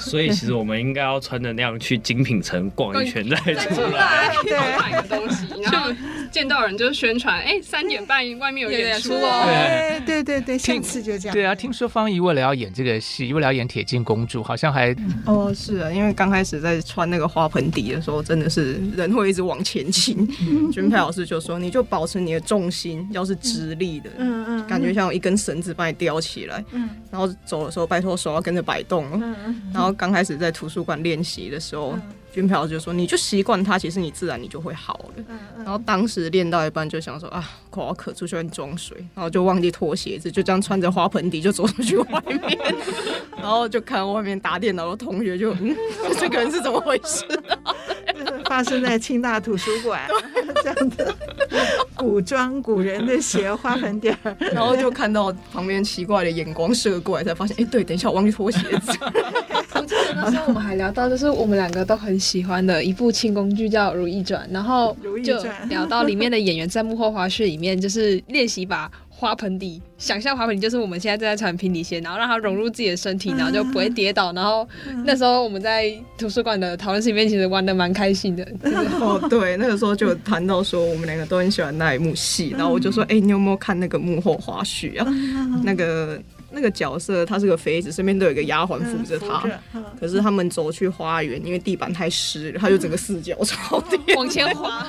所以其實我們應該要穿的那樣去精品城逛一圈再出來，對，買個東西，然後見到人就宣傳，哎，三點半外面有演出哦，對對對對，下次就這樣，對啊，聽說。方芳宜為了要演這個戲，為了要演鐵鏡公主，好像還、嗯、哦是啊，因為剛開始在穿那個花盆底的時候，真的是人會一直往前傾、嗯。君佩老師就說：“你就保持你的重心，要是直立的，嗯嗯，感覺像有一根繩子把你吊起來、嗯。然後走的時候，拜托手要跟着擺動、嗯。然後剛開始在圖書館練習的時候。嗯”軍票就說：“你就習慣它，其實你自然你就會好了。嗯嗯”然後當時練到一半就想說：“啊，口好渴出去裝水。”然後就忘記脫鞋子，就這樣穿着花盆底就走出去外面， 然後就看外面打電腦的同學就：“嗯、 這個人是怎麼回事、啊？”發生在清大圖書館這樣子，古裝古人的鞋花盆底，然後就看到旁邊奇怪的眼光射過來，才發現：“哎，對，等一下我忘記脫鞋子。 ”好 像我們還聊到，就是我們兩個都很喜歡的一部清宮劇，叫《如懿傳》，然後就聊到裡面的演員在幕後花絮裡面，就是練習把花盆底想象花盆底，就是我們現在正在穿平底鞋，然後讓它融入自己的身體，然後就不會跌倒。然後那時候我們在圖書館的討論室裡面，其實玩得蠻開心的。 哦，對，那個時候就談到說，我們兩個都很喜歡那一幕戲，然後我就說，哎、欸，你有沒有看那個幕後花絮啊？ 那個。那個角色他是個妃子，身邊都有一個丫鬟、嗯、扶着他、嗯。可是他們走去花園，因為地板太濕，他就整個四腳朝天往前滑。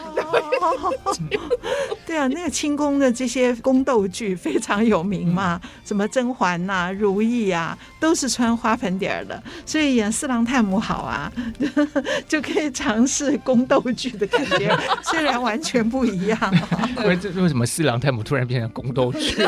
對啊，那個清宮的這些宮鬥劇非常有名嘛，嗯、什麼甄嬛吶、啊、如懿啊，都是穿花盆底兒的。所以演四郎探母好啊，就，就可以嘗試宮鬥劇的感覺， 雖然完全不一樣、哦。為 為什麼四郎探母突然變成宮鬥劇？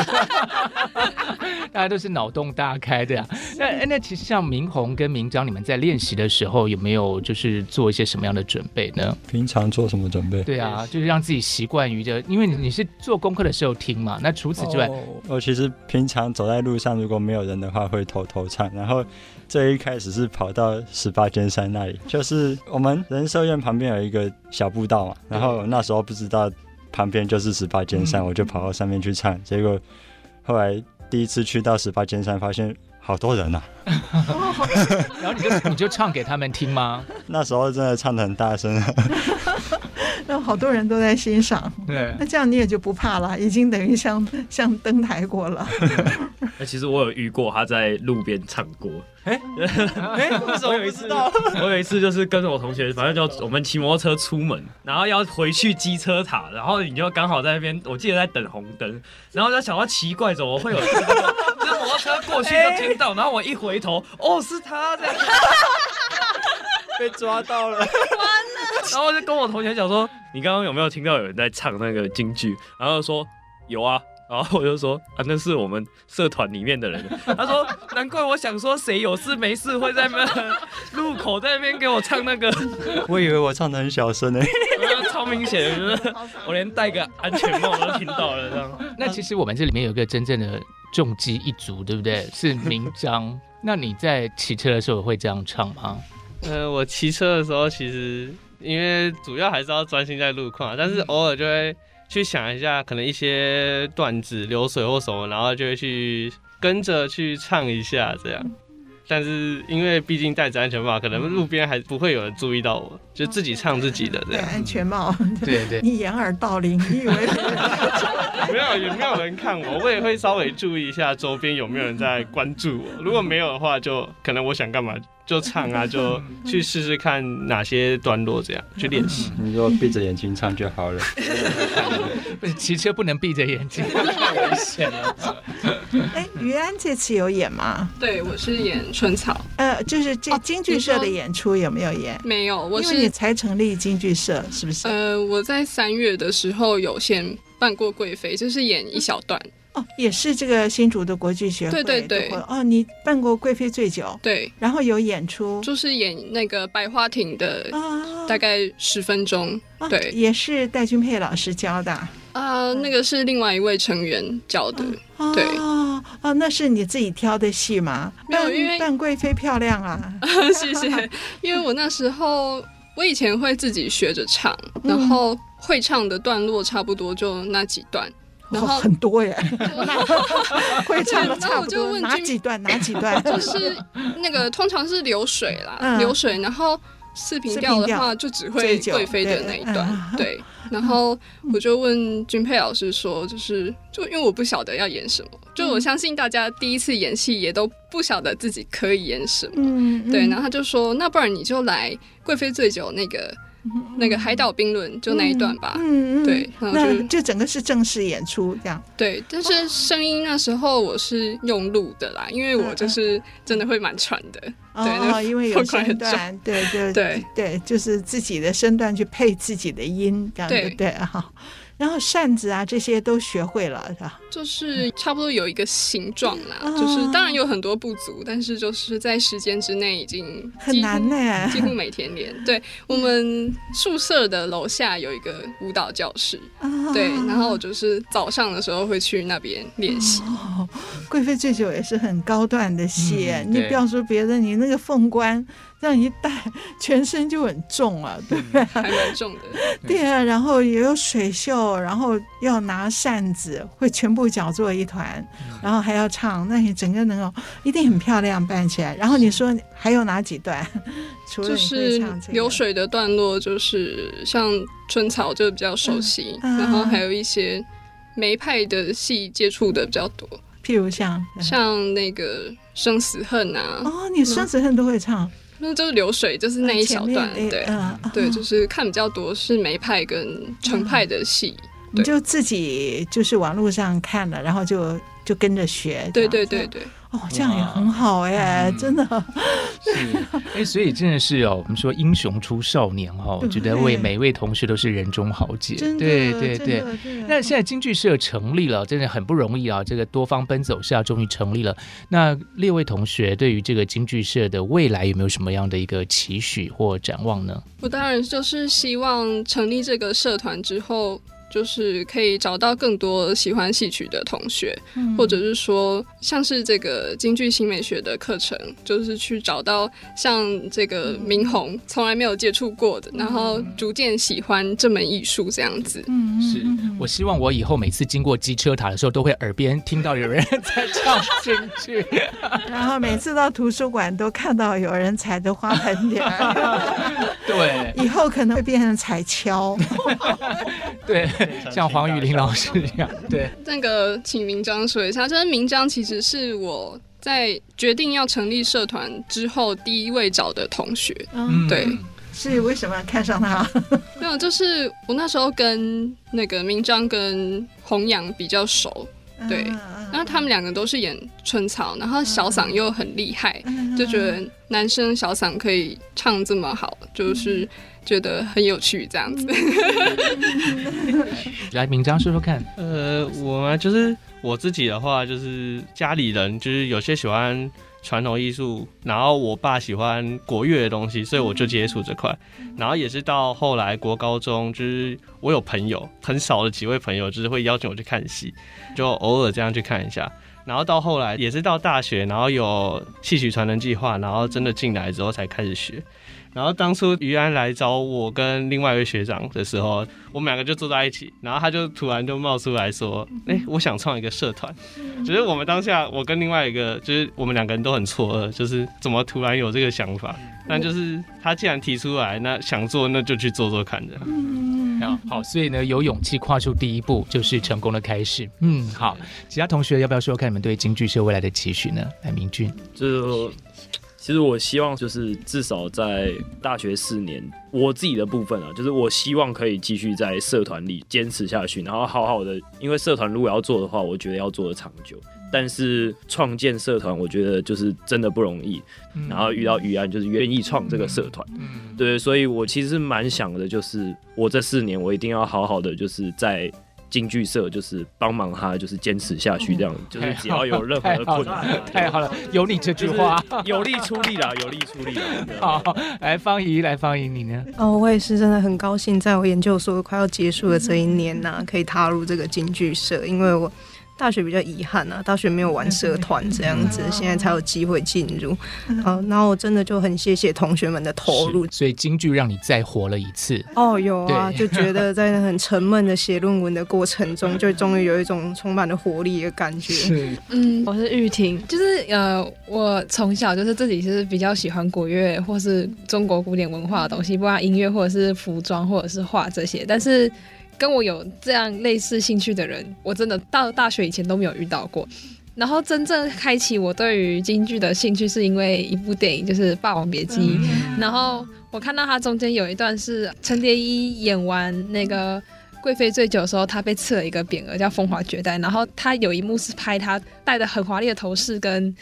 大家都是。腦洞大開，對啊。那那其實像明竑跟明璋，你們在練習的時候有沒有就是做一些什麼樣的準備呢？平常做什麼準備？對啊，就是讓自己習慣於的，因為你是做功課的時候聽嘛。那除此之外，哦、我其實平常走在路上，如果沒有人的話，會偷偷唱。然後這一開始是跑到十八尖山那裡，就是我們人社院旁邊有一個小步道嘛。然後那時候不知道旁邊就是十八尖山、嗯，我就跑到上面去唱。結果後來。第一次去到十八尖山，發現好多人啊。 然後你就 你就唱給他們聽嗎？ 那時候真的唱得很大聲 那好多人都在欣賞。對啊，那這樣你也就不怕了，已經等於像像登台過了。那 其實我有遇過他在路邊唱歌。哎、欸、哎、 欸，我有一次，我有一次就是跟着我同學，反正就我們騎摩托車出門，然後要回去機車塔，然後你就剛好在那邊，我記得在等紅燈，然後就想到奇怪，怎麼會有 就摩托車過去就聽到，然後我一回頭，欸、哦，是他在。 被抓到了，完了。 然後我就跟我同學講說：“你剛剛有沒有聽到有人在唱那個京劇？”然後說：“有啊。”然後我就說：“啊，那是我們社團裡面的人。 ”他說：“難怪我想說，誰有事沒事會在那路口在那邊給我唱那個 ？” 我以為我唱的很小聲我誒， 超明顯的是是， 我連戴個安全帽都聽到了這樣。 那其實我們這裡面有一個真正的重機一族，對不對？是明璋。 那你在騎車的時候也會這樣唱嗎？嗯、呃，我騎車的時候，其實因為主要還是要專心在路況，但是偶爾就會去想一下可能一些段子、流水或什麼，然後就會去跟着去唱一下這樣。但是因為畢竟戴着安全帽，可能路邊還不會有人注意到我，我就自己唱自己的這樣。嗯、對，安全帽，對 對，對 你掩耳盜鈴，你以為對對對？ 有沒有人看我，我也會稍微注意一下周邊有沒有人在關注我。如果沒有的話就，就可能我想幹嘛就唱啊，就去試試看哪些段落這樣去練習、嗯。你說閉着眼睛唱就好了， 不是，其實不能閉着眼睛，太危險了。哎，妤安這次有演嗎？對，我是演春草。呃，就是這京劇社的演出有沒有演？沒、啊、有，我是因為你才成立京劇社，是不是？呃，我在三月的時候有先。扮過貴妃，就是演一小段，嗯、哦，也是這個新竹的國劇學會對對對哦，你扮過貴妃醉酒對，然後有演出，就是演那個百花亭的大概十分鐘，哦，對、哦，也是戴君佩老師教的，啊，呃，那個是另外一位成員教的，嗯、哦對哦，哦那是你自己挑的戲嗎？沒有，因為扮貴妃漂亮啊， 謝謝，因為我那時候。 我以前會自己學着唱，然後會唱的段落差不多就那幾段，嗯、然後、哦、很多耶， 會唱的差不多，哪幾段？哪幾段？ 就是那個通常是流水啦，嗯、流水，然後。四平調的話，就只會貴妃的那一段，對。然後我就問君佩老師說，就是就因為我不曉得要演什麼，就我相信大家第一次演戲也都不曉得自己可以演什麼，對。然後他就說，那不然你就來貴妃醉酒那個。那個海島冰輪就那一段吧，嗯，嗯對，那就整個是正式演出這樣。對，但是聲音那時候我是用錄的啦、哦，因為我就是真的會蠻喘的，呃、對、那個哦，因為有身段，對，對對，對，對，就是自己的身段去配自己的音，這樣對對啊。好然後扇子啊，這些都學會了是吧？就是差不多有一個形狀啦、哦，就是當然有很多不足，但是就是在時間之內已經很難呢。幾乎每天練。對、嗯、我們宿舍的樓下有一個舞蹈教室，哦、對、哦，然後我就是早上的時候會去那邊練習。哦、貴妃醉酒也是很高段的戲、嗯，你不要說別的，你那個鳳冠。這樣一戴，全身就很重啊，對不對？還蠻重的。對啊，然後也有水袖，然後要拿扇子，會全部攪作一團，然後還要唱，那你整個能夠一定很漂亮扮起來。然後你說還有哪幾段？是除了這個、就是流水的段落，就是像春草就比較熟悉，嗯啊、然後還有一些梅派的戲接觸的比較多，譬如像、嗯、像那個《生死恨》啊。哦，你《生死恨》都會唱。嗯那就是流水，就是那一小段，對，嗯、對、嗯，就是看比較多是梅派跟程派的戲、嗯，你就自己就是網絡上看了，然後就就跟着學，對對對對。哦，這樣也很好哎，欸，真的。嗯、是哎，所以真的是哦，我們說英雄出少年哈，哦，我覺得為每一位同學都是人中豪傑。對對對。對，那現在京劇社成立了，真的很不容易啊！哦，這個多方奔走下終於成立了。那六位同學對於這個京劇社的未來有沒有什麼樣的一個期許或展望呢？我當然就是希望成立這個社團之後，就是可以找到更多喜歡戲曲的同學、嗯，或者是說，像是這個京劇新美學的課程，就是去找到像這個明竑從來沒有接觸過的、嗯，然後逐漸喜歡這門藝術這樣子。嗯，是我希望我以後每次經過機車塔的時候，都會耳邊聽到有人在唱京劇， 然後每次到圖書館都看到有人踩的花盆底。 對，以後可能會變成踩蹺。 對。像黃宇琳老師一樣，對， 這對 那個請明璋說一下，這、就、明、是、章其實是我在決定要成立社團之後第一位找的同學，嗯，對，是為什麼看上他？沒 有，就是我那時候跟那個明璋跟弘洋比較熟，對，然、嗯、後、嗯、他們兩個都是演春草，然後小嗓又很厲害、嗯，就覺得男生小嗓可以唱這麼好，就是。嗯覺得很有趣，這樣子，嗯。 來，明璋說說看。呃，我就是我自己的話，就是家裡人就是有些喜歡傳統藝術，然後我爸喜歡國樂的東西，所以我就接觸這塊，嗯。然後也是到後來國高中，就是我有朋友很少的幾位朋友，就是會邀請我去看戲，就偶爾這樣去看一下。然後到後來也是到大學，然後有戲曲傳承計劃，然後真的進來之後才開始學。然後當初妤安來找我跟另外一位學長的時候，我們兩個就坐在一起，然後他就突然就冒出來說：“哎，我想創一個社團。”就是我們當下，我跟另外一個，就是我們兩個人都很錯愕，就是怎麼突然有這個想法？但就是他既然提出來，那想做那就去做做看，這樣。好，所以呢，有勇氣跨出第一步就是成功的開始。嗯，好，其他同學要不要說看你們對京劇社未來的期許呢？來，明俊就是，其實我希望就是至少在大學四年，我自己的部分啊，就是我希望可以繼續在社團裡堅持下去，然後好好的，因為社團如果要做的話，我覺得要做的長久。但是創建社團，我覺得就是真的不容易。嗯、然後遇到妤安，就是願意創這個社團、嗯，對，所以我其實蠻想的，就是我這四年，我一定要好好的，就是在京劇社，就是幫忙他，就是堅持下去、嗯、這樣。就是只要有任何的困難、啊嗯太，太好了，有你這句話，就是、有力出力了，有力出力了。 好，來芳宜，來芳宜，你呢？哦，我也是，真的很高興，在我研究所快要結束的這一年呢、啊，可以踏入這個京劇社，因為我。大學比較遺憾啊，大學沒有玩社團這樣子，現在才有機會進入。嗯、啊，然後我真的就很謝謝同學們的投入，所以京劇讓你再活了一次。哦，有啊，就覺得在那很沉悶的寫論文的過程中， 就終於有一種充滿了活力的感覺是。嗯，我是鈺庭，就是呃，我從小就是自己是比較喜歡國樂或是中國古典文化的東西，不管音樂或者是服裝或者是畫這些，但是。跟我有這樣類似興趣的人，我真的到大學以前都沒有遇到過。然後真正開啟我對於京劇的興趣，是因為一部電影，就是《霸王別姬》嗯。然後我看到它中間有一段是程蝶衣演完那個貴妃醉酒的時候，他被賜了一個匾額叫“風華絕代”。然後他有一幕是拍他戴的很華麗的頭飾，跟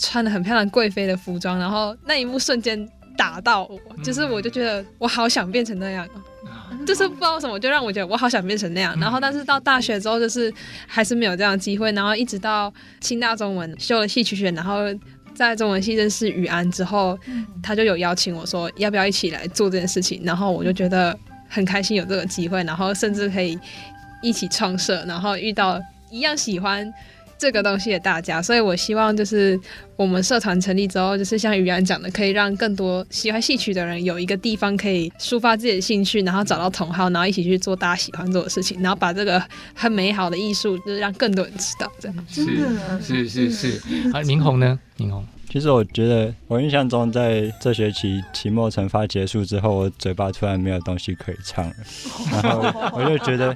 穿的很漂亮貴妃的服裝。然後那一幕瞬間打到我，就是我就覺得我好想變成那樣。就是不知道為什麼，就讓我覺得我好想變成那樣。然後，但是到大學之後，就是還是沒有這樣的機會。然後，一直到清大中文修了戲曲學，然後在中文系認識妤安之後，他就有邀請我說要不要一起來做這件事情。然後我就覺得很開心有這個機會，然後甚至可以一起創社，然後遇到一樣喜歡。這個東西給大家，所以我希望就是我們社團成立之後，就是像妤安講的，可以讓更多喜歡戲曲的人有一個地方可以抒發自己的興趣，然後找到同好，然後一起去做大家喜歡做的事情，然後把這個很美好的藝術，就是讓更多人知道，這樣。是是是是。啊，是 明竑呢？明竑。其實我覺得，我印象中在這學期期末成發結束之後，我嘴巴突然沒有東西可以唱了，然後我就覺得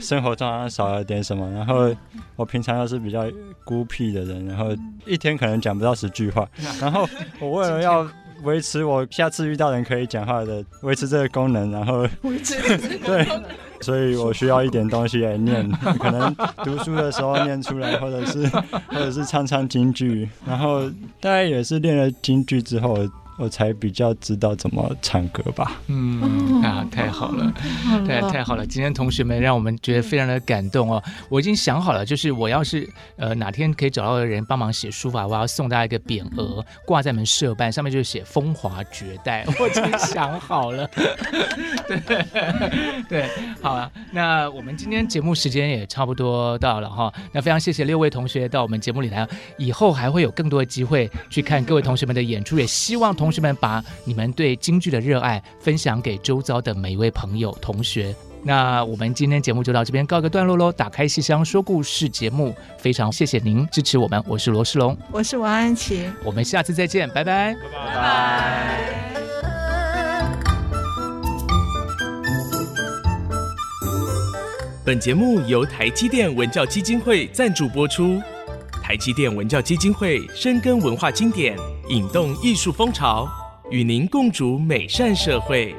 生活中好像少了一點什麼。然後我平常又是比較孤僻的人，然後一天可能講不到十句話。然後我為了要維持我下次遇到人可以講話的，維持這個功能，然後維持 對。所以我需要一點東西來念，可能讀書的時候念出來，或者是或者是唱唱京劇，然後大概也是練了京劇之後。我才比較知道怎麼唱歌吧。嗯啊，太好了，太太好了！今天同學們讓我們覺得非常的感動哦。我已經想好了，就是我要是呃哪天可以找到的人幫忙寫書法，我要送大家一個匾額，掛在門社辦上面，就是寫「風華絕代」。我已經想好了。 對對，好啊。那我們今天節目時間也差不多到了哈、哦。那非常謝謝六位同學到我們節目裡來，以後還會有更多的機會去看各位同學們的演出， 也希望同。同學們把你們對京劇的熱愛分享給周遭的每一位朋友、同學。那我們今天節目就到這邊告一個段落嘍。打開戲箱說故事節目，非常謝謝您支持我們。我是羅仕龍，我是王安祈，我們下次再見，拜拜，拜拜。本節目由台積電文教基金會贊助播出，台積電文教基金會深耕文化經典，引動藝術風潮，與您共築美善社會。